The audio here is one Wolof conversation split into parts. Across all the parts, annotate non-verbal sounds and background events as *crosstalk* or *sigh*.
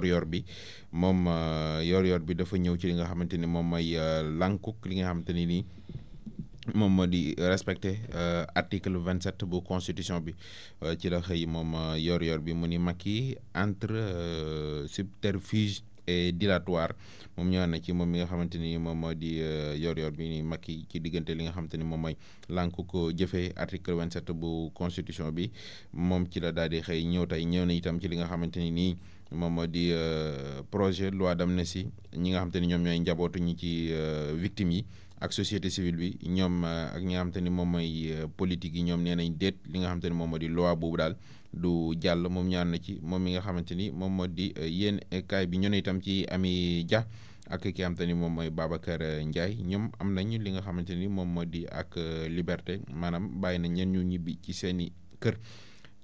yor bi moom euh, yor-yor bi dafa ñëw ci li nga xamante ni moom mooy euh, lànkuk li nga xamante ni nii. moom ma di respecté euh, article vingt sept bu constitution bi ci la xëy moom yor-yor bi mu ni Macky entre subterfuge et dilatoire moom ñëwaat na ci moom mi nga xamante ni moom moo di yor-yor bi ni Macky ci diggante li nga xamante ni moom mooy lànku ko jëfee article vingt sept bu constitution bi moom ci la daal di xëy ñëw tey ñëw na itam ci li nga xamante ni nii. moom moo di euh, projet loi d'amnistie ñi nga xam te ñoom ñooy njabootu ñi ci euh, victimes yi ak société civile bi ñoom euh, ak ñi nga xam te ni moom mooy politique yi ñoom nee nañ déet li nga xam te ni moom moo di loi boobu daal du jàll moom ñaan na ci moom mi nga xamante ni moom moo di yéen kaay bi ñu ne itam ci Ami Dia ak ki nga xamante ni moom mooy Babacar Ndiaye ñoom am nañ li nga xamante ni moom moo di ak liberté maanaam bàyyi nañ ñenn ñu ñibbi ci seeni kër.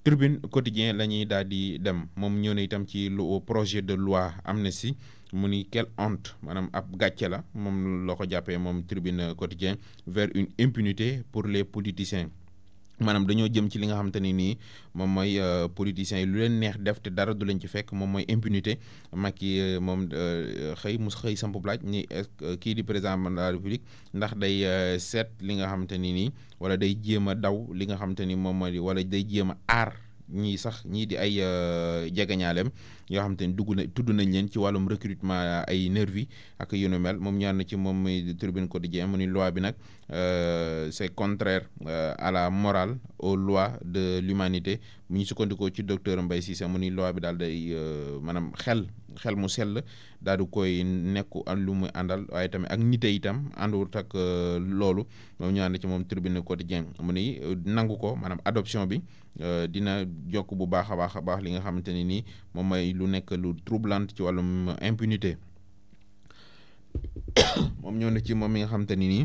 tribune quotidien la ñuy daal di dem moom ñëw na itam ci lu projet de loi amnistie mu ni quelle honte maanaam ab gàccee la moom loo ko jàppee moom tribune quotidien vers une impunité pour les politiciens maanaam dañoo jëm ci li nga xamante ni nii moom mooy euh, politiciens yi lu leen neex def te dara du leen ci fekk moom mooy impunité Macky euh, moom euh, xëy mu xëy samp laaj ni kii di président de la république ndax day seet li nga xamante ni nii wala day jéem a daw li nga xamante ni moom mooy wala day jéem a aar ñii sax ñii di ay jegeñaaleem yoo xam te ne dugg na tudd nañ leen ci wàllum recrutement ay nervi ak yu mel moom ñaan na ci moom tribune quotidien mu ni loi bi nag euh, c'est contraire euh, à la morale aux lois de l'humanité mu ñu sukkandikoo ci docteur Mbaye Cissé mu ni loi bi daal day euh, maanaam xel xel mu sell daal di koy nekku ak lu mu àndal waaye tamit ak nit itam ànduwut ak loolu moom ñu ànd ci moom tribune quotidien mu ni nangu ko maanaam adoption bi dina jokk bu baax a baax a baax li nga xamante ne nii moom mooy lu nekk lu troublante ci wàllum impunité *coughs* moom ñoo na ci moom mi nga xamante ni nii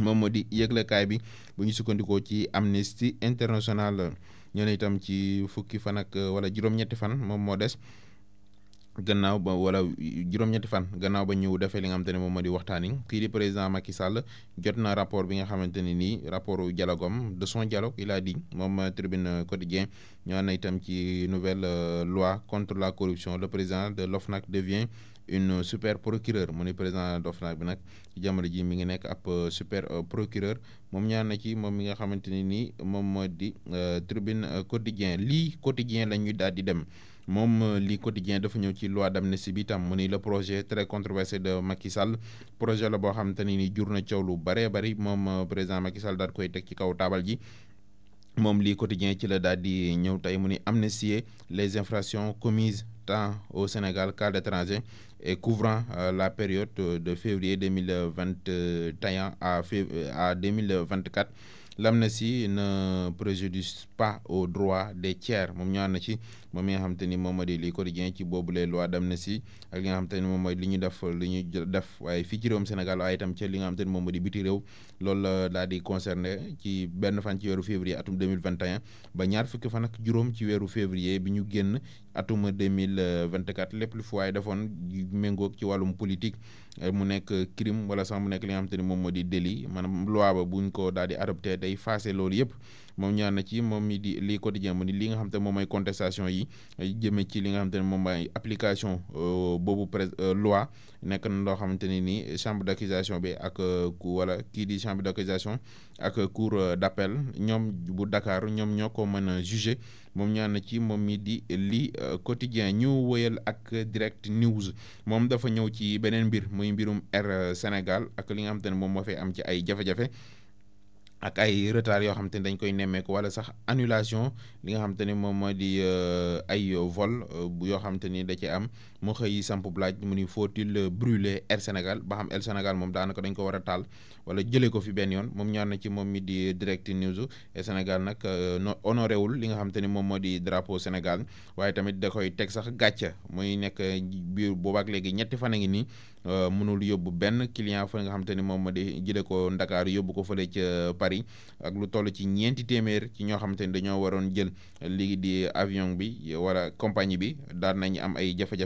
moom moo di yëglekaay bi bu sukkandikoo ci Amnesty International ñoo ne itam ci fukki fan ak wala juróom-ñetti fan moom moo des gannaaw ba wala juróom-ñetti fan gannaaw ba ñëw defee li nga xamante ne moom moo di waxtaani kii di président Macky Sall jot na rapport bi nga xamante ne nii rapport dialogue am de son dialogue il a dit moom tribune quotidien ñoo na itam ci nouvelle euh, loi contre la corruption le président de l'OFNAC devient une super procureur mu ni président d'OFNAC bi nag jamono ji mi ngi nekk ab euh, super euh, procureur moom ñaan na ci moom mi nga xamante ne nii moom moo di tribune quotidien lii quotidien la ñuy daal di dem moom euh, li quotidien dafa ñëw ci loi d'amnistie bi tam mu ni le projet très controversé de Macky Sall projet la boo xam te ni jur na coow lu bëree bëri moom euh, président Macky Sall daal koy teg ci kaw taabal ji moom lii quotidien ci la daal di ñëw tey mu ni amnistier les infractions commises temps au Sénégal qu'à l'étranger et couvrant euh, la période de février 2021 à fév à 2024 l'amnistie ne préjudice pas au droits des tiers moom ñëwaat na ci moom mi nga xam ni moom moo di li quotidien ci boobu les lois d'amnistie ak li nga xam te moom mooy li ñu def li ñu def waaye fii ci réewum Sénégal waaye itam ca li nga xam te ni moom moo di biti réew loolu la daal di concerné ci benn fan ci weeru février atum 2021 ba ñaar fukki fan ak juróom ci weeru février bi ñu génn atum 2024 lépp lu fi waaye defoon méngoog ci wàllum politique eh, mu nekk crime wala sax mu nekk li nga xam te ni moom moo di délit maanaam loi ba buñ ko daal di adopté day faase loolu yëpp moom ñaan na ci moom mii di lii quotidien mu ni li nga xam te moom mooy contestation yi eh, jëmee ci li nga xam te ne moom mooy application euh, boobu pré euh, loi nekk na loo xamante ne nii chambre d'accusation bi ak euh, wala kii di chambre d'accusation ak cour d'appel ñoom bu Dakar ñoom ñoo ko mën a juger moom ñaan na ci moom mii di lii quotidien ñu wëyal ak direct news moom dafa ñëw ci beneen mbir muy mbirum Air Sénégal ak li nga xam te ne moom moo fay am ci ay jafe-jafe ak ay retard yoo xam te ne dañ koy nemmeeku wala sax annulation li nga xam te moom moo di euh, ay vol euh, yoo xam te ni da ci am mu xëy samp blaaj mu ni faut-il euh, brûler Air Sénégal ba xam Air Sénégal moom daanaka dañ ko war a taal wala jëlee ko fi benn yoon moom ñaar na ci moom mi di direct news Air Sénégal nag honoré wul li nga xam te ni moom moo di drapeau Sénégal waaye tamit da koy teg sax gàcce muy nekk biir boobaak léegi ñetti fan a ngi nii Euh, mënul yóbbu benn client fa nga xam te ni moom ma di jëlee ko Ndakaaru yóbbu ko fële ca Paris ak lu toll ci ñeenti téeméer ci ñoo xam te ni dañoo waroon jël lii di avion bi wala compagnie bi daan nañ am ay jafe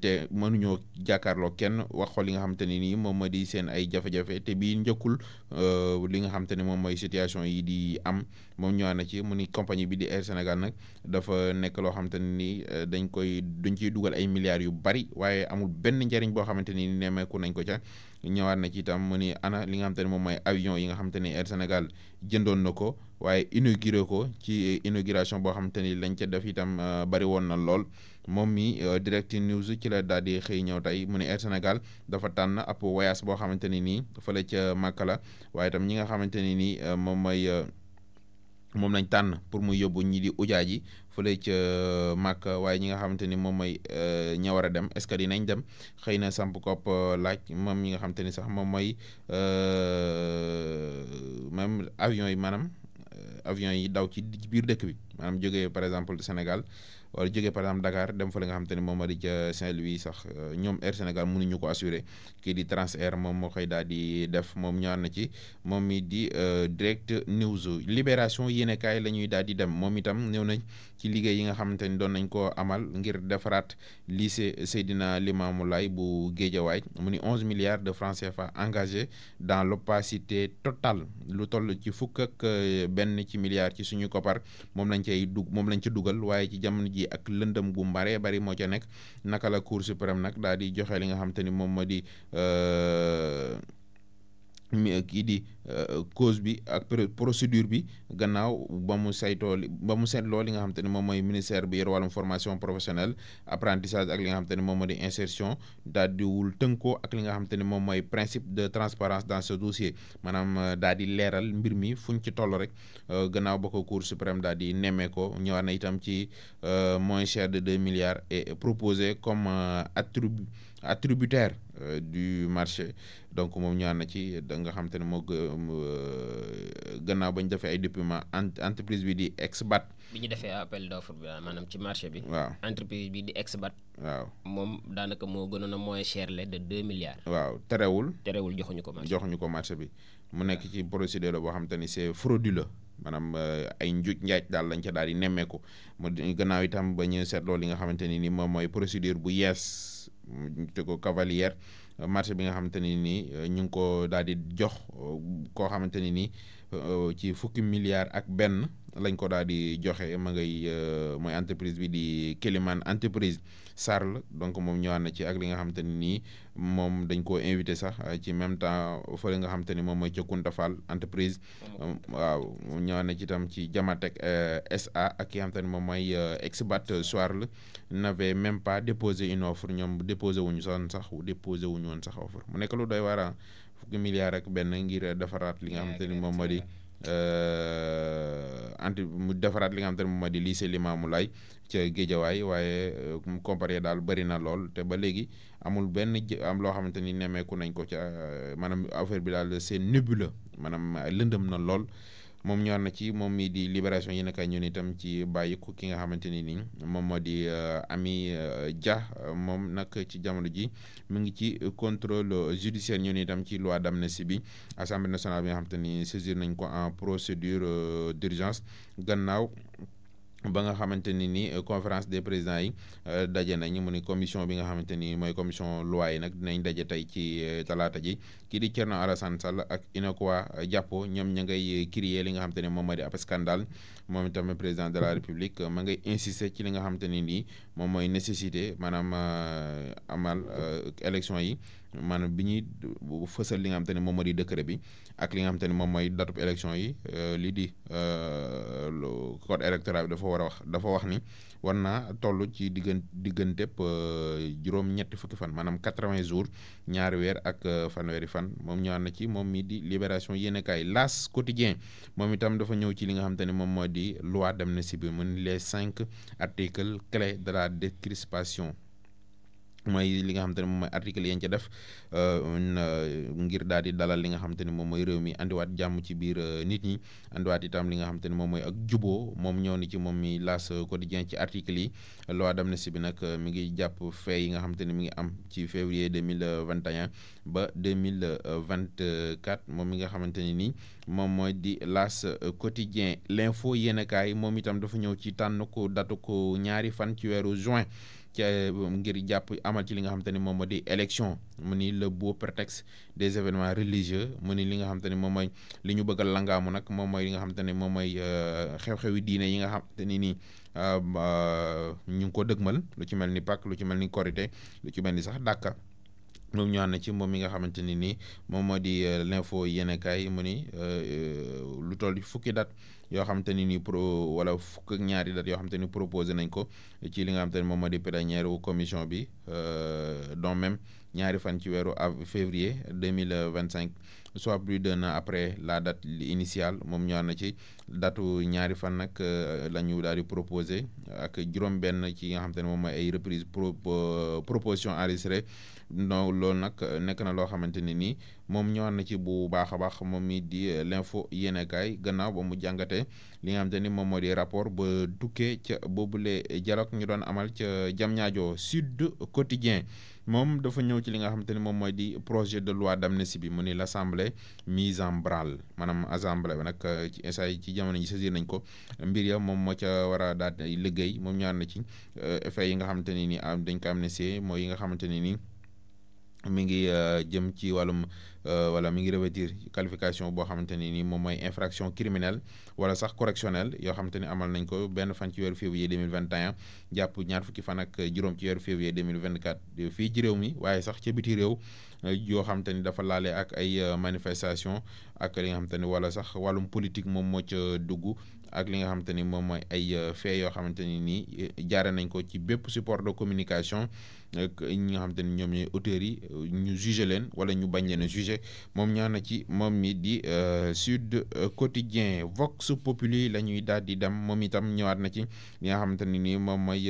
te mënuñoo jàkkaarloo kenn wax ko li nga xam ni nii moom ma di seen ay jafe te bii njëkkul euh, li nga xam te moom mooy situation yi di am moom ñëwaat na ci mu ni compagnie bi di Air Sénégal nag dafa nekk loo xam te ni euh, dañ koy dañ ciy dugal ay milliards yu bari waaye amul benn njariñ boo xamante ni ni nemmeeku nañ ko ca ñëwaat na ci itam mu ni ana li nga xam te ne moom mooy avion yi nga xam te ni Air Sénégal jëndoon na ko waaye inauguré ko ci inauguration boo xam te ni lañ ca def itam euh, bari woon na lool moom mi euh, direct news ci la daal di xëy ñëw tey mu ne Air Sénégal dafa tànn ab voyage boo xamante ni nii fële ca Màkka la waaye itam ñi nga xamante ni nii euh, moom mooy moom nañ tànn pour mu yóbbu ñi di fële ca euh, màkk waaye ñi nga xamante ni moom mooy euh, ña war a dem est-ce que dinañ dem xëy na samp kopp euh, laaj moom ñi nga xamante ni sax moom mooy même avion yi maanaam avion yi daw ci biir dëkk bi maanaam jóge par exemple Sénégal wala jógee par exemple Dakar dem fa la nga xam te ne moom moo di ca Saint-Louis sax euh, ñoom Air Sénégal mënuñu ko assurer kii di Transair moom moo koy daal di def moom ñaar na ci moom mi di euh, direct news libération yéenekaay la ñuy daal di dem moom itam néew nañ ci liggéey yi nga xamante ni doon nañ ko amal ngir defaraat lycée Seydina Limamou Laye bu Guédiawaye mu ni onze milliards de francs CFA engagés dans l'opacité totale lu toll ci fukk euh, benn ci milliards ci suñu koppar moom lañ cay dug moom lañ ci dugal waaye ci ji ak lëndëm gu mbaree bari moo ca nekk naka la cour suprême nag daal di joxe li nga xam te ni moom moo di euh, kii di Euh, cause bi ak procédure bi gannaaw ba mu saytoo li ba mu seetloo li nga xam te ne moom mooy ministère bi yor formation professionnelle apprentissage ak li nga xam te ne moom moo di daal di wul tënkoo ak li nga xam ne moom mooy principe de transparence dans ce dossier maanaam euh, daal di leeral mbir mi fuñ ci toll rek euh, gannaaw ba ko cour suprême daal di nemmee ko ñëwaat na itam ci moins cher de deux milliards et proposé comme attribut attributaire du marché donc moom ñëwaat na ci nga xam te ne moo Euh, gannaaw ba ñu defee ay déploiement entreprise bi di ex bat bi ñu defee appel d'offre bi maanaam ci marché bi. waaw entreprise bi di Exbat. waaw moom daanaka moo gënoon a moins cher le de deux milliards. waaw terewul. terewul joxuñu ko marché bi joxuñu ko marché bi. mu nekk ci procédure la boo xam te ni c'est frauduleux maanaam euh, ay njuuj njaaj daal lañ ca daal di nemmeeku mu gannaaw itam ba ñu seetloo li nga xamante ni ni moom mooy procédure bu yees te ko cavalière. marché bi nga xamante ne nii euh, ñu ngi ko daal di jox euh, koo xamante ne nii euh, ci fukki milliards ak benn lañ ko daal di joxe ma ngay mooy entreprise bi di Kéliman entreprise Sarl donc moom ñëwaat na ci ak li nga xamante ne nii moom dañ koo invité sax ci même temps fële nga xamante ni moom mooy ca Kunta Fall entreprise waaw ñëwaat na ci itam ci Jamatek SA ak ki nga xamante ni moom mooy Exbat Sarl n'avait même pas déposé une offre ñoom déposé wuñu son sax déposé wuñ ñu woon sax offre mu nekk lu doy waar ah, fukki milliards ak benn ngir defaraat li nga xamante ni moom moo di euh, mu defaraat li nga xamante ni moom moo di lycée Limamou Laye ca Géejawaay waaye euh, mu comparé daal bëri na lool te ba léegi amul benn am loo xamante ni nemmeeku nañ ko ca euh, maanaam affaire bi daal c'est nébuleux maanaam lëndëm na lool. moom ñor na ci moom mii di libération yi naka ñun itam ci bàyyiku ki nga xamante ni nii moom moo di euh, Ami euh, Dia moom nag ci jamono ji mu ngi ci contrôle judiciaire ñun itam ci loi d'amnistie bi assemblée nationale bi nga xamante ni saisir nañ ko en procédure euh, d'urgence gannaaw ba nga xamante ni ni euh, conférence des présidents yi euh, daje nañ mu ni commission bi nga xamante ni mooy commission loi yi nag dinañ daje tey ci euh, talaata ji kii di Thierno Alassane Sall ak Inokwa Jàppo ñoom ña ngay crier li nga xamante ne moom moo di ab scandale moom itam président de la république ma ngay insister ci li nga xamante ni nii moom mooy nécessité maanaam amal élection yi maanaam bi ñuy fësal li nga xam te ne moom moo di décret bi ak li nga xam te moom mooy datub élection yi euh, lii di euh, code électoral bi dafa war a wax dafa wax ni war naa toll ci diggan digganteb euh, juróom-ñetti fukki fan maanaam quatre-vingts jours ñaari weer ak fanweeri fan moom ñëwaat na ci moom mii di libération yéenekaay L'As Quotidien moom itam dafa ñëw ci li nga xam te ne moom moo di loi si bi mu les cinq articles clés de la décrispation mooy li nga xam te ne moom mooy article ñu ci def euh, euh, ngir daal di dalal li nga xam te moom mooy réew mi andiwaat jàmm ci biir euh, nit ñi andiwaat itam li nga xam te moom mooy ak juboo moom ñëw ni ci moom mi laas quotidien ci article yi loi d'amnistie bi nag mi ngi jàpp fee yi nga xam ne mi ngi am ci février deux mille vingt ba deux mille vingt quatre moom mi nga xamante ne ni moom mooy di laas quotidien l'info yéenekaay moom itam dafa ñëw ci tànn ko datu ko ñaari fan ci weeru juin. Euh, ngir jàpp amal ci li nga xamante ni moom moo di élection mu ni le beau prétexte des événements religieux mu ni li nga xamante ni moom mooy li ñu bëgg a langaamu nag moom mooy li nga xamante ni moom mooy euh, xew-xewi diine yi nga xam ni nii euh, ñu ngi ko dëgmal lu ci mel ni Pâques lu ci mel ni Korité lu ci mel ni sax Dakar. moom ñu ànd ci moom mi nga xamante ni nii moom moo di euh, l'info yéenekaay mu ni euh, euh, lu toll fukki date yoo xamante ni nii pro wala fukk ñaari date yoo xamante ni proposé nañ ko ci li nga xamante ni moom moo di plénière wu commission bi donc même ñaari fan ci weeru ab février deux mille vingt cinq soit plus d'un an après la dat initiale moom ñëwaat na ci datu ñaari fan nag euh, la ñu daal di proposé ak juróom-benn ci nga xam ne moom mooy ay reprise pro euh, proposition enregistrée non loolu nag nekk na loo xamante ne nii moom ñëwaat na ci bu baax a baax moom mi di l'info yéenekaay gannaaw ba mu jàngatee li nga xam te ni moom moo di rapport ba tukkee ca boobu boobule dialogue ñu doon amal ca Diamniadio Sud Quotidien moom dafa ñëw ci li nga xamante ni moom mooy di projet de dam nessi bi mu ni l'assemblée mise en branle maanaam assemblée bi nag euh, ci instant yi ci jamono ji saisir nañ ko mbir ya moom moo ca war a daal liggéey moom ñaan na ci euh, effet yi nga xamante ne ni dañ ko amnistie mooy yi nga xamante ne ni mi ngi euh, jëm ci wàllum wala euh, mi ngi revêtir qualification boo xamante ne ni moom mooy infraction criminelle wala sax correctionnelle yoo xamante ni amal nañ ko benn fan ci weeru février 2021 jàpp ñaar fukki fan ak juróom ci weeru février 2024 fii ci réew mi waaye sax ca biti réew euh, yoo xamante ni dafa laale ak ay euh, manifestation ak li nga xamante ni wala sax wàllum politique moom moo ca dugg ak li nga xamante ni moom mooy ay euh, fee yoo xamante ni nii euh, jaare nañ ko ci bépp support de communication ak ñi nga xamante ni ñoom ñooy auteurs yi euh, ñu jugé leen wala ñu bañ leen a moom ñaan na ci moom mi di Sud Quotidien Vox Populi la ñuy daal di dem moom itam ñëwaat na ci li nga ni nii moom mooy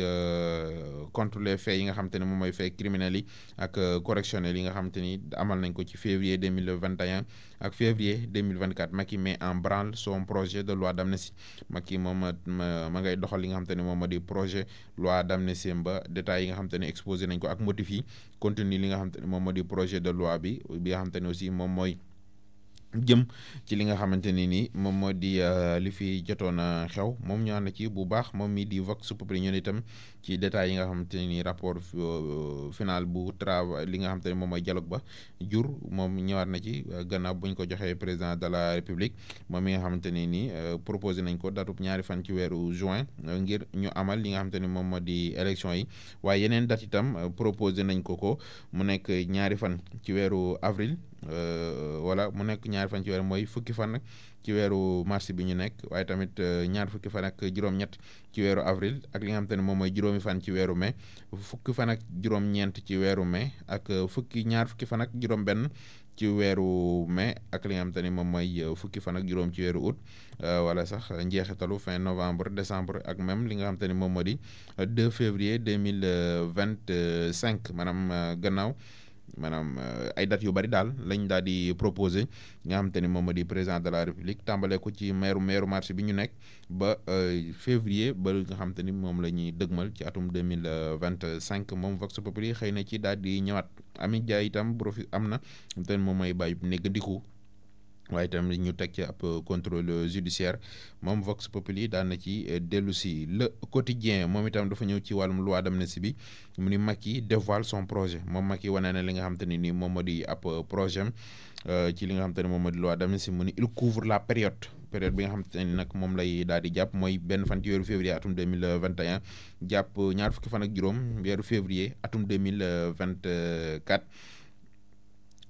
contre les faits yi nga xamante ni moom mooy faits criminels yi ak correctionnels yi nga xamante ni amal nañ ko ci février 2021 ak février 2024 Macky met en branle son projet de loi d'amnistie Macky moom ma ngay doxal li nga xam te ne moom ma di projet loi d'amnistie ba détails yi nga xam te ne exposé nañ ko ak motif yi continue li nga xam te ne moom ma di projet de loi bi bi nga xam te ne aussi moom mooy jëm ci li nga xamante ni nii moom moo di euh, li fi jotoon xew moom ñu ànd ci bu baax moom mi di Vox Populi ñu itam ci détails yi nga xamante ni rapport euh, final bu travail li nga xamante ni moom mooy dialogue ba jur moom ñëwaat na ci euh, gannaaw bu ko joxee président de la république moom mi nga xamante ni nii proposé nañ ko datub ñaari fan ci weeru juin ngir ñu amal li nga xamante ni moom moo di élection yi waaye yeneen date itam proposé nañ ko ko mu nekk ñaari fan ci weeru avril wala euh, mu nekk ñaar fan ci weer mooy fukki fan ci weeru mars bi ñu nekk waaye tamit euh, ñaar fukki fan ak juróom ci weeru avril ak li nga xam te ne moom mooy juróomi fan ci weeru mai fukki fan ak juróom ci weeru mai ak euh, fukki ñaar fukki fan ak juróom ci weeru mai ak li nga xam te moom mooy fukki fan ak juróom ci weeru août wala sax njeexitalu fin novembre décembre ak même li nga xam te ne moom moo di 2 février 2025 maanaam gannaaw. maanaam euh, ay dates yu bari daal lañ daal di proposé nga xam te ne moom di président de la république tàmbale ko ci meeru meeru marché bi ñu nekk ba euh, février ba nga xam te ni moom la ñuy dëgmal ci atum deux mille vingt cinq moom Vox Populi xëy na ci daal di ñëwaat Ami Dia itam profit am na xam te ne moom mooy bàyyi néggandiku waaye itam ñu teg ci ab euh, contrôle euh, judiciaire moom Vox Populi daan na ci euh, dellu si le quotidien moom itam dafa ñëw ci wàllum loi d'amnistie bi mu ni Macky dévoile son projet moom Macky wane na li nga xam te ne ni moom moo di ab projet ci li nga xam te moom moo di loi d'amnistie mu ni il couvre la période période bi nga xam te ne nag moom lay daal di jàpp mooy benn fan ci weeru février atum 2021 jàpp ñaar fukki fan ak juróom weeru février atum 2024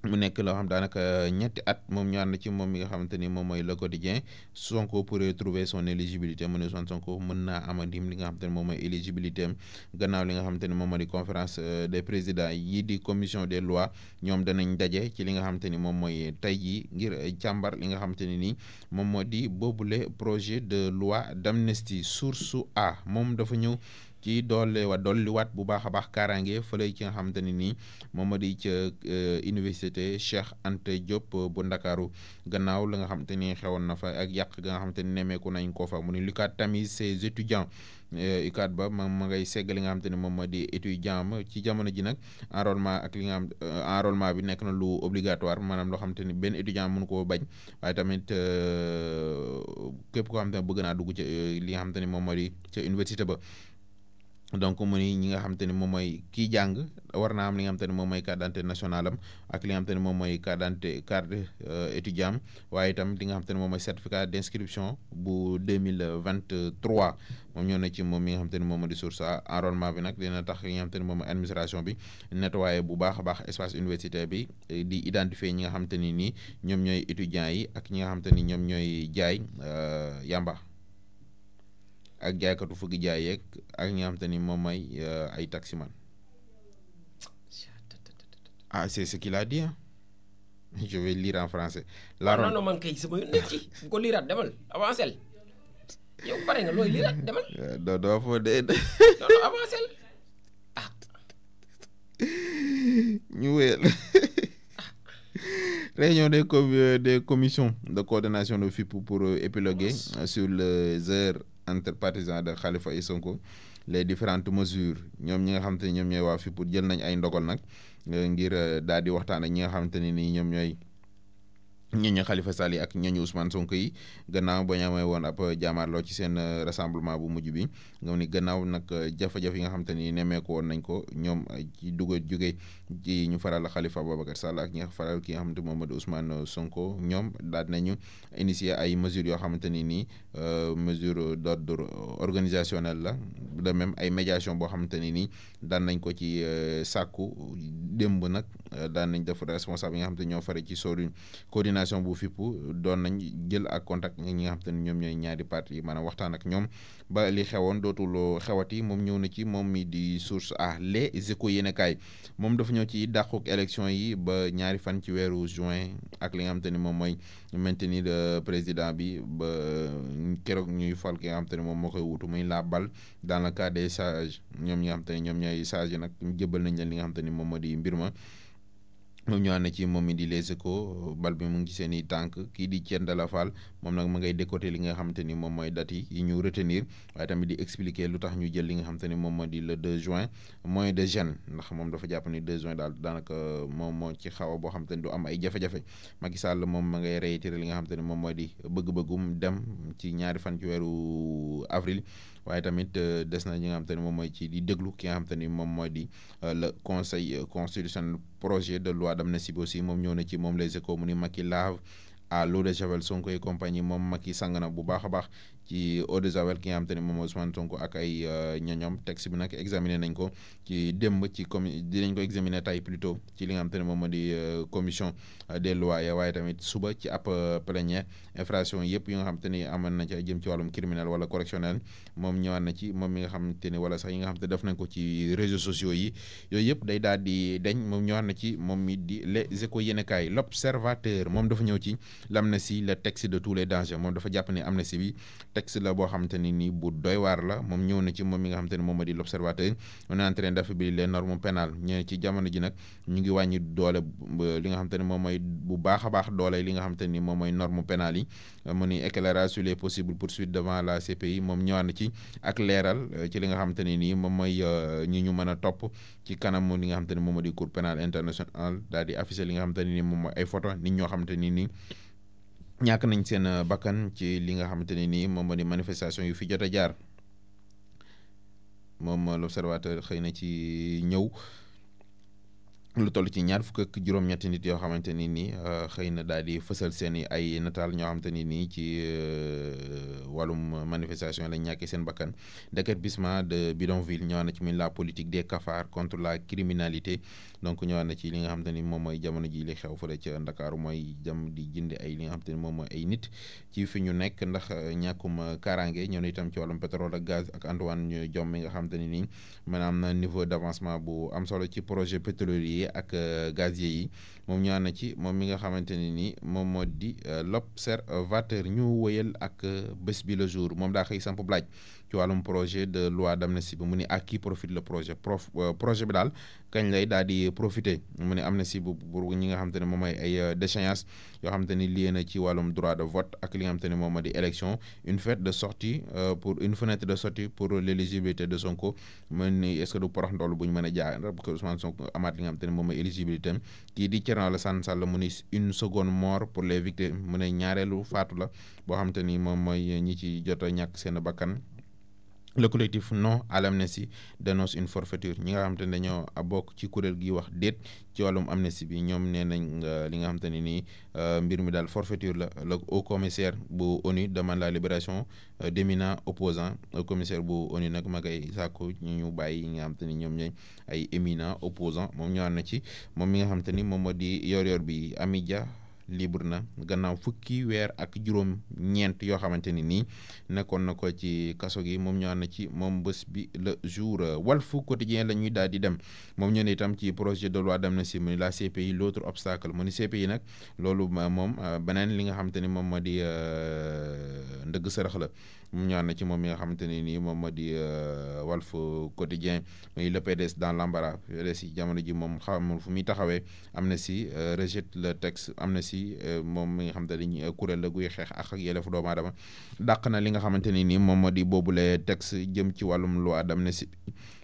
mu nekk loo xam daanaka euh, ñetti at moom ñu ànd ci moom mi nga xamante ni moom mooy le quotidien Sonko pour trouver son éligibilité mu ne son Sonko mën naa amandim li nga xamante ne moom mooy éligibilité am gannaaw li nga xamante ne moom moo di conférence euh, des présidents yi di commission de lois ñoom danañ daje ci li nga xamante ni moom mooy tey jii ngir euh, càmbar li nga xamante ne nii moom moo di boobule projet de loi d'amnistie source A moom dafa ñëw ci doole wa dolliwaat bu baax a baax kaaraange fële ci nga xamante ne nii moom di ca euh, université Cheikh Anta Diop euh, bu Ndakaaru gannaaw la nga xamante ni xewoon na fa ak yàq ga nga xamante ni nemmeeku nañ ko fa mu ni lu kat tamit ses étudiants. Euh, UCAD ba ma ma ngay segg li nga xamante ne moom moo di étudiant am ci jamono ji nag ak li nga xam enrôlement bi nekk na lu obligatoire maanaam loo xamante ni benn étudiant mënu koo bañ waaye tamit képp koo xam ne bëgg naa dugg ci li nga xamante ni moom moo di ca université ba. donc mu ni ñi nga xam te moom mooy kii jàng war naa am li nga xam te ne moom mooy carte d'identité nationale am ak li nga xam te ne moom mooy carte d'identité carte euh, étudiant am waaye itam li nga xam te ne moom mooy certificat d'inscription bu moom ñoo ne ci moom mi nga xam te ne moom di source enrôlement bi nag dina tax li ne moom administration bi nettoyé bu baax a baax espace universitaire bi euh, di identifier ñi nga xam te ni nii ñoom ñooy étudiants yi ak ñi nga xam te ni ñoom ñooy jaay euh, yamba ak jaaykatu fëgg jaay yeeg ak ñi nga ni moom may euh, ay taximan ah c'est ce qu'il a dit je vais lire en français. la non non man kay sama yoon nekk ci bu ko liiraat demal avancel yow pare nga looy liiraat demal. doo doo dee de. non avancel ah. ñu wéyal. réunion des com euh, des commissions de coordination de FIP pour euh, épiloguer sur le heures. entre partisans de Khalifa et le les différentes mesures ñoom ñi nga xamante ni ñoom ñooy waa fi pour jël nañ ay ndogal nag ngir euh, daal di waxtaan ak ñi nga xamante ne ni ñoom ñooy. ñooñu Khalifa Sall yi ak ñooñu Ousmane Sonko yi gannaaw ba ñu amee woon ab jaamaarloo ci seen euh, rassemblement bu mujj bi nga ni gannaaw nag euh, jafe-jafe yi nga xam te ni nemmeeku woon nañ ko ñoom euh, ci dugg jóge ci ñu faral Khalifa Babacar Sall ak ñi faral ki nga xamante moom mooy Ousmane Sonko ñoom daal nañu initier ay mesures yoo xamante ni nii mesure d'ordre organisationnel la de même ay médiation boo xamante ni nii daan nañ ko ci sàkku démb nag Euh, daan nañ def responsable yi nga xam te ñoo fare ci sori coordination bu fippu doon nañ jël ak contact ñi nga xam te ñoom ñooy ñaari parti yi maanaam waxtaan ak ñoom ba li xewoon dootul xewati moom ñëw na ci moom mi di source ah les échos yéen a moom dafa ñëw ci dàquk élection yi ba ñaari fan ci weeru juin ak li nga xam te ne moom mooy maintenir euh, président bi ba euh, keroog ñuy fal ki xam te ne moom moo koy wutu muy la bal dans le cas ñoom ñi nga ñoom ñooy sages yi jëbal nañ leen li nga xam te moom moo di mbir ma ñu na ci moom it di Les Échos bal bi mu ngi tànk kii di Thiendella Fall moom nag ma ngay décoté li nga xamante ni moom mooy date yi ñu retenir waaye tamit di expliquer lu tax ñu jël li nga xamante ni moom mooy di le deux juin moyen de jeune ndax moom dafa jàpp ni 2 juin daal daanaka moom moo ci xaw boo xamante ni du am ay jafe-jafe Macky moom ma ngay réitéré li nga xamante ni moom mooy di bëgg-bëggum dem ci ñaari fan ci weeru avril waaye tamit euh, des na ñi nga xamante ni moom mooy ci di déglu ki nga xamante ni moom mooy di euh, le conseil constitutionnel projet de loi d'amnistie bi aussi moom ñëw na ci moom les échos mu ni Macky lave à l'eau de javel Sonko et compagnie moom Macky sàng na bu baax a baax ci eau de javel ki nga xam te ne moom Ousmane Sonko ak ay euh, ñoñom texte bi nag examiné nañ ko ci démb ci comi dinañ ko examiner tey plutôt ci li nga xam ne moom moo di euh, commission des lois waaye tamit suba ci ab euh, plénière infraction yëpp yi nga xam ni amoon na ci jëm ci wàllum criminel wala correctionnel moom ñëwaat na ci moom mi nga xam te ni wala sax yi nga xam te def nañ ko ci réseaux sociaux yi yooyu yëpp day daal di dañ moom ñëwaat na ci moom mi di les échos yéenekaay l'observateur moom dafa ñëw ci l'amnistie le texte de tous les dangers moom dafa jàpp ne si bi texte la boo xam ne nii bu doy waar la moom ñëw na ci moom mi nga xamante ne moom moo di l'observateur on est en train d'affaiblir les normes pénales ne moom mooy bu baax a baax doole li nga xamante ne nii moom mooy norme pénale yi mu ni éclairage sur les possibles poursuites devant la CPI moom ñëwaat na euh, li nga xamante ne nii moom mooy euh, ñi ñu mën a topp ci kanam li nga xamante ne moom moo di cour pénale internationale daal di afficher li nga xamante ne nii moom mooy ay photo nit ñoo xamante ni nii ñàkk nañ seen euh, bakkan ci li nga xamante ne nii moom moo di manifestation yu fi jot a jaar moom euh, l'observateur xëy na ci ñëw lu toll ci ñaar fukk juróom-ñetti nit yoo xamante ni nii euh, xëy na daal di fësal seen ay nataal ñoo xamante ni nii ci wàllum manifestation lañ ñàkkee seen bakkan déguerpissement de bidonville ñoo na ci muy la politique des cafards contre la criminalité donc ñëwaat na ci li nga xam ni moom mooy jamono ji li xew fële ca Ndakaaru mooy jam di jënd ay li nga xam te ni moom mooy ay nit ci fi ñu nekk ndax euh, ñàkkum euh, kaaraange ñëw na itam ci wàllum pétrole ak gaz ak Antoine Diome mi nga xam te nii maanaam na niveau d'avancement bu am solo ci projet pétrolier ak euh, gazier yi moom ñëwaat na ci moom mi nga xamante ne ni moom moo di l'observateur ñu wëyal ak bés bi le jour moom daa xëy samp laaj ci wàllum projet de loi d'amnistie bi mu ni à qui profite le projet prof euh, projet bi daal kañ lay daal di profiter mu ne amnistie bu pour ñi nga xam te ne moom mooy ay euh, déchéance xam te ni lié na ci wàllum droit de vote ak nga xam ne moom moo di élection une fête de sortie euh, pour une fenêtre de sortie pour l'éligibilité de Sonko mu ni est-ce du porox ndool bu ñu mën a jaar parce que Ousmane Sonko amaat li nga xam te ne moom mooy éligibilité kii di Thierno Alassane Sall mu ni une seconde mort pour les victimes mu ne ñaareelu faatu la boo xam te ni moom mooy ñi ci jot ñàkk seen bakkan le collectif non à l'amnistie dénonce une forfaiture ñi nga xam te ne dañoo bokk ci kuréel gi wax déet ci wàllum amnistie bi ñoom nee nañ euh, li nga xam te ne nii euh, mbir mi daal forfaiture la le haut commissaire bu ONU demande la libération euh, d'éminents opposants commissaire bu ONU nag maga koy sàkku ñu ñu bàyyi ñi nga xam te ni ñoom ñooy ay éminents opposants moom ñëwaat na ci moom mi nga xam te ni moom moo di yor-yor bi Amidia libre na gannaaw fukki weer ak juróom ñeent yoo xamante ni nii nekkoon na ko ci kaso gi moom ñoo na ci moom bés bi la jour wal Walf Quotidien la ñuy daal di dem moom ñoo itam ci projet de loi d'amnistie mu ni la CPI l'autre obstacle mu ni CPI nag loolu moom euh, beneen li nga xamante ni moom ma di euh, ndëgg sërëx la mu ñaan na ci moom mi nga xamante ne nii moom ma di euh, Walf Quotidien muy le PDS dans l'embarras PDS yi jamono ji moom xamul fu muy taxawee Amnesty euh, rejette le texte Amnesty euh, moom mi nga xamante ne kuréel la guy xeex ak ak yelleefu doomu na li nga xamante ne nii moom ma di boobule texte jëm ci wàllum loi si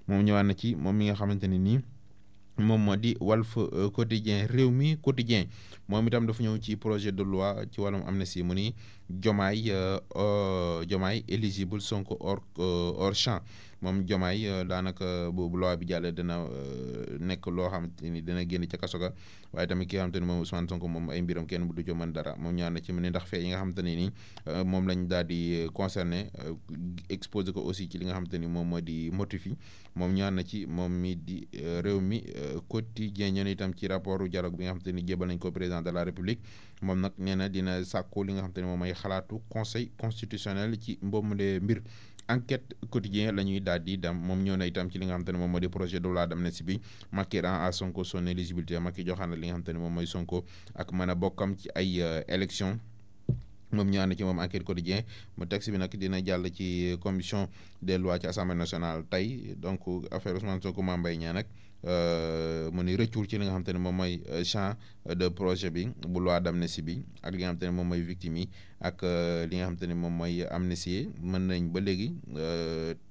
moom ñëwaat na ci moom mi nga xamante ne nii. moom moo di Walf euh, Quotidien réew mi Quotidien moom itam dafa ñëw ci projet de loi ci wàllum amnistie mu ni Jomaay Jomaay euh, euh, éligible Sonko hors hors champ moom Jomaay euh, daanaka euh, boobu loi bi jàllee dina euh, nekk loo xamante ni dina génn ca kaso waaye tamit ki nga xamante ni moom Ousmane Sonko moom ay du ci mën dara moom ñaan na ci mu ne ndax fee yi ne ni moom lañ daal di concerné exposé ko aussi ci li nga xamante ni moom moo di motif yi moom ñaan na ci moom mi di réew mi quotidien ñeneen itam ci rapportu dialogue bi nga xamante ni jébal nañ ko président de la république moom nag nee na dina sàkku li nga xamante ni moom mooy xalaatu conseil constitutionnel ci mboobu mbir enquête quotidien la ñuy daal di dem moom ñëw na itam ci li nga xam te ne moom moo di projet de loi d'amnistie bi Macky rend Sonko son éligibilité Macky joxaan na li nga xam te ne moom mooy Sonko ak mën a bokkam ci ay euh, élection moom ñu na ci moom enquête quotidien mu texte bi nag dina jàll ci commission des lois ci assemblée nationale tey donc affaire Ousmane Sonko Mame Mbaye Niang nag Euh, mu ni retour ci li nga xam te ne moom mooy euh, champ de projet bi bu loi d'amnistie bi ak li nga xam te ne moom mooy victime yi ak euh, li nga xam te moom mooy amnistie mën nañ ba léegi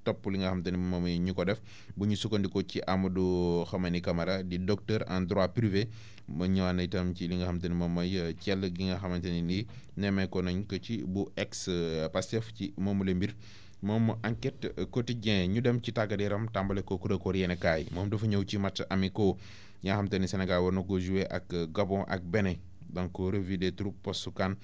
topp li nga xam te ne moom ñu ko def bu ñu sukkandikoo ci am Amadou Xamani Camara di docteur en droit privé ma ñëwaan na itam ci li nga xam te ne moom mooy cell gi nga xamante ne nii nemmeekoo nañ ko ci bu ex Pastef ci moomu le mbir. moom enquête euh, quotidien ñu dem ci tàggat yaram tàmbale ko record yenn kaay moom dafa ñëw ci match amicaux yi nga xam te ni Sénégal war na ko jouer ak euh, Gabon ak Bénin donc revue des troupes post CAN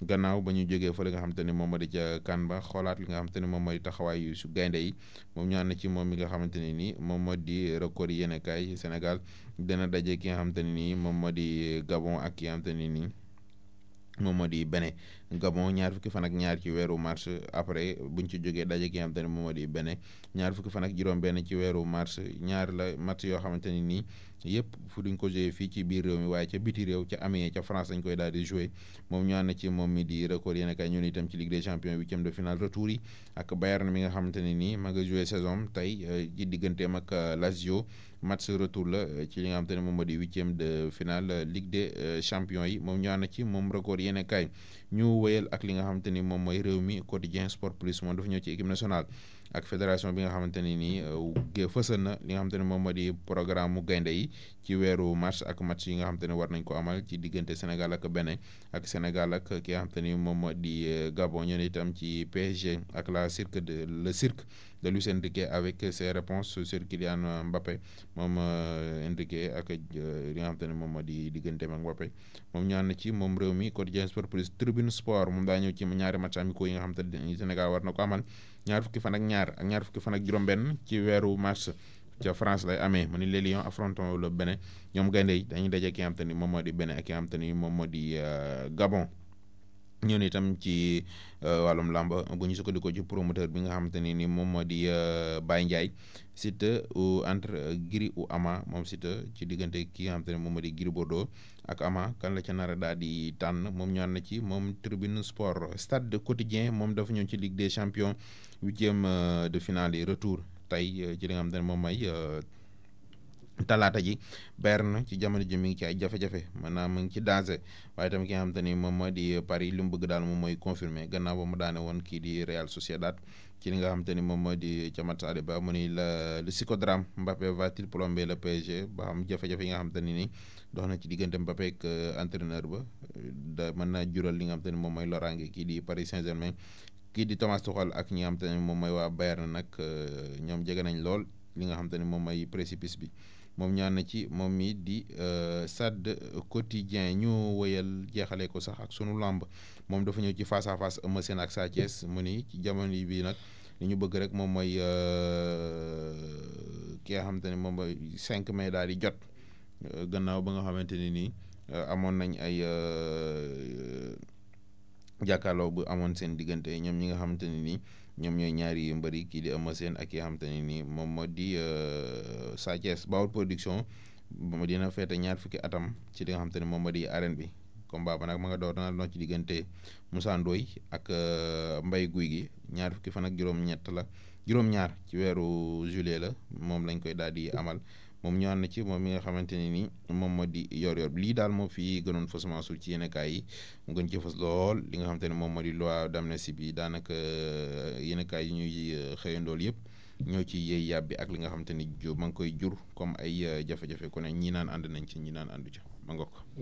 gannaaw ba ñu jógee fële nga xam te ni moom ma di ca CAN ba xoolaat li nga xam te moom mooy taxawaayu su gaynde yi moom ñu ànd ci moom mi nga xamante ne nii moom moo di record yenn kaay Sénégal dana daje ki nga xam te ne nii moom moo di Gabon ak ki nga xam te nii. moom ma di Bénin Gabon ñaar fukki fan ak ñaar ci weeru mars après buñ ci jógee daje gi nga xamante ne moom di Bénin ñaar fukki fan ak juróom-benn ci weeru mars ñaar la match yoo xamante ne nii yëpp fu duñ ko joué fii ci biir réew mi waaye ca biti réew ci Amiens ca France dañ koy daal di joué moom ñu ànd ci moom mi di record yéen kay ñun itam ci Ligue des champions huitième de finale retour yi ak na mi nga xamante ne nii ma nga joué saison tey euh, ci digganteem ak euh, Lazio. match retour la euh, ci li nga xam te ne moom moo di huitième de finale euh, Ligue des euh, champions yi moom ñoo na ci moom record yéen kaay ñu wéyal ak li nga xamante ni moom mooy réew mi quotidien sport plus moom dafa ñëw ci équipe nationale ak fédération bi nga xamante ne nii fësal na li nga xamante ne moom moo di programme mu gaynde yi ci weeru mars ak match yi nga xamante ne war nañ ko amal ci diggante Sénégal ak Bénin ak Sénégal ak ki nga xamante ni moom moo di Gabon ñoo itam ci PSG ak la cirque de le cirque de lui s'indiquer avec ses réponses sur Kylian Mbappé moom indiqué euh, ak euh, li nga xam te ne moom moo di digganteem ak Mbappé moom ñaan na ci moom réew mi quotidien sport plus tribune sport daa ñëw ci ñaari match yi nga xam te ne Sénégal war na ko amal ñaar fukki fan ak ñaar ak ñaar fukki fanak juróom-benn ci weeru mars. ca France lay amee mu ni les Lions affrontant le Bénin ñoom gaynde yi dañuy daje ki nga xam te ni moom moo di Bénin ak ki nga xam ni moom moo di euh, Gabon ñun itam ci euh, wàllum làmb bu ñu sukkandikoo ci promoteur bi nga xamante ne ni moom moo di euh, Baye Ndiaye Siteu entre Gris ou Ama moom Siteu ci diggante ki nga xamante ne moom moo di Gris Bordeaux ak Ama kan la ca nar a daal di tànn moom ñaan na ci moom tribune sport stade quotidien moom dafa ñëw ci Ligue des champions huitième euh, de finale retour tey ci li nga xamante ne moom may talaata ji na ci jamono ji mi ngi ci ay jafe-jafe maanaam mu ngi ci danger waaye tamit ki nga xamante ni moom moo di Paris li mu bëgg daal moom mooy confirmer gannaaw ba mu kii di Real Sociedad ci li nga xamante ni moom moo di ca ba mu ni la le psychodrame Mbappé va-t-il plomber ba am jafe-jafe yi nga xamante ni ni dox na ci diggante Mbappé ak euh, entraîneur ba da mën naa jural li nga xam xamante ni moom mooy loraange kii di Paris Saint-Germain kii di Thomas Tuchel ak ñi nga xamante ni moom mooy waa Bayern nag euh, ñoom jege nañ lool li nga xamante ni moom mooy précipice bi moom ñaan na ci moom mi di euh, Sud Quotidien ñu woyal jeexalee ko sax ak sunu làmb moom dafa ñëw ci face à face ak Sa Thiès mu ni ci jamono bi nag li ñu bëgg rek moom mooy euh, ki nga xamante ne moom mooy 5 mai daal di jot euh, gannaaw ba nga xamante ne nii amoon nañ ay jàkkaarloo bu amoon seen diggante ñoom ñi nga xamante ne nii. ñoom ñooy ñaari mbër yi kii di Eumeu Sène ak yi xam te ne nii moom moo di euh, Sa Thiès Baol production moom dina feete ñaar fukki atam ci li nga xam te ne moom moo di arène bi combat ba nag ma nga door ci diggante Moussa Ndoye ak euh, Mbaye Guy gi ñaar fukki fan ak juróom-ñett la juróom-ñaar ci weeru juillet la moom lañ koy daal di amal. moom ñu ànd ci moom mi nga xamante ne ni moom ma di yor yor lii daal moo fi gënoon fës Mansour ci yéenekaay yi mu gën ci fës lool li nga xamante ne moom moo di loi d'amnistie bi daanaka euh, yéenekaay yi ñuy euh, xëyandool yëpp ñoo ci yéey yàbbi ak li nga xamante ni ma ngi koy jur comme ay euh, jafe-jafe ku ne ñii naan ànd nañ ci ñi naan àndu ca ma ngoog